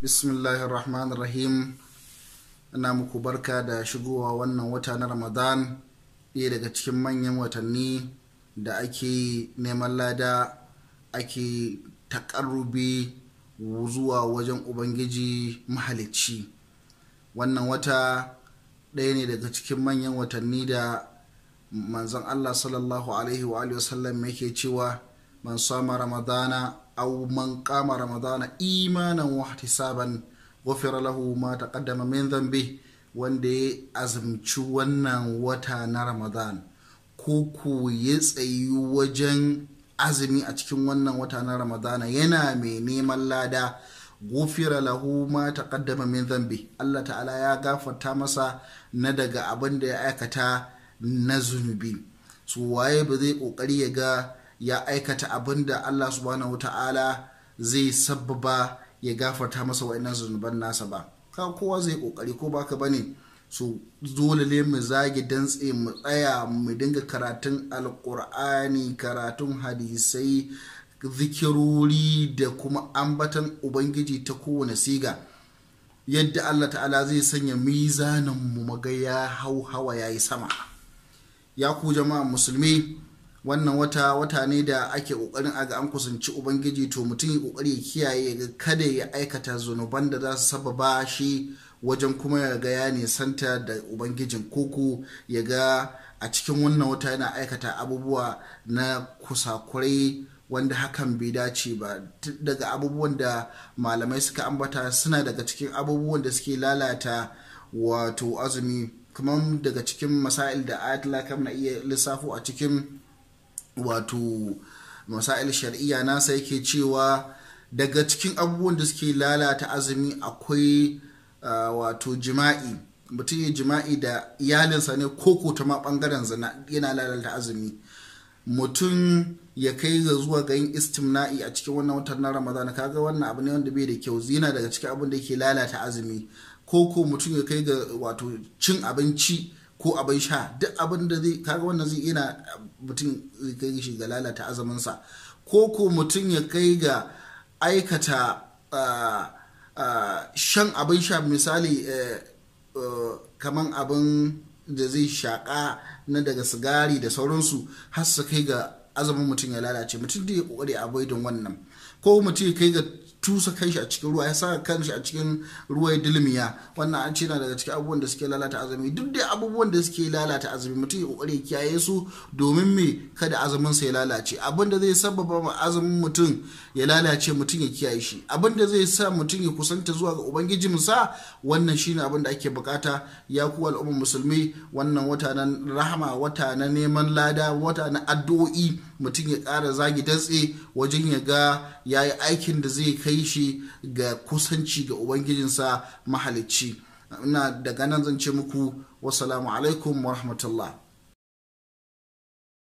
bismillahirrahmanirrahim ina muku barka da shigowa wannan wata na ramadan ɗaya daga cikin manyan watanni da ake neman lada ake takarrubi zuwa wajen ubangiji mahalicci wannan wata ɗaya ne daga cikin manyan watanni da manzon allah sallallahu alaihi wa sallam yake cewa man sama ramadana أو من قام رمضان إيمانا واحتسابا غفر له ما تقدم من ذنبه wanda ya azumci wannan wata na ramadan ko ku ya tsayi wajen azumi a cikin wannan wata na ramadana yana mai neman lada gufira lahu ma taqaddama min zambi Allah ta'ala ya gafarta masa na daga abin da ya aikata na zunubi su waye ba zai kokari ya ga ya aikata abin da Allah subhanahu ta'ala zai sabba ya gafarta masa wa'annan zunuban nasa ba ka kowa zai kokari ko baka bane su dole mu zagi dantse mu tsaya mu dinga karatun alkur'ani karatun hadisai zikirori da kuma ambatan ubangiji ta kowane siga yadda Allah ta'ala zai sanya mizanin mu maga ya hau hawa yayi sama ya ku jama'a musulmi wannan wata wata ne da ake kokarin a ga an kusanci ubangiji to mutum ya kokari ya kiyaye ga kada ya aikata zunuban da za su sababa shi wajen kuma ya ga ya nisanta da ubangijin koko ya ga a cikin wannan wata yana aikata abubuwa na kusakurai wanda hakan bai dace ba daga abubuwan da malamai suka ambata suna daga cikin abubuwan da suke lalata wato azumi kamar daga cikin masail da ayatollah kam na iya lissafo a cikin wato masail shari'a nasa yake cewa daga cikin abubuwan da suke lalata azumi akwai wato jima'i mutum ya jima'i da iyalinsa ne ko ta ma bangaren zana yana lalata azumi mutum ya kai ga zuwa ga yin istimna'i a cikin wannan watan na ramadan kaga wannan abu ne wanda bai da kyau Zina daga cikin abin da yake lalata azumi ko ko mutum ya kai ga wato cin abinci ko abin sha duk abin da zai kaga wannan zai yana mutum zai kai shi ga lalata azaminsa ko ko mutum ya kai ga aikata shan abin sha misali eh, eh, kaman abin da zai shaƙa na daga sigari da sauransu har su kai ga azumin mutum ya lalace mutum da ya kokari a don wannan ko mutum ya kai ga kan kanshi a cikin ruwa ya sa kanshi a cikin ruwa ya dilmiya wannan an ce na daga cikin abubuwan da suke lalata azumi duk da abubuwan da suke lalata azumi mutum ya kokari ya kiyaye su domin me kada azumin sa ya lalace abin da zai sababa ma azumin mutum ya lalace mutum ya kiyaye shi abin da zai sa mutum ya kusanta zuwa ga ubangijin sa wannan shine abin da ake bukata ya ku al'ummar musulmi wannan wata na rahama wata na neman lada wata na addu'o'i mutum ya kara zagi dantse wajen ya ga yayi aikin da zai kai kai shi ga kusanci ga ubangijinsa mahalicci ina daga nan zan ce muku wasalamu alaikum wa rahmatullah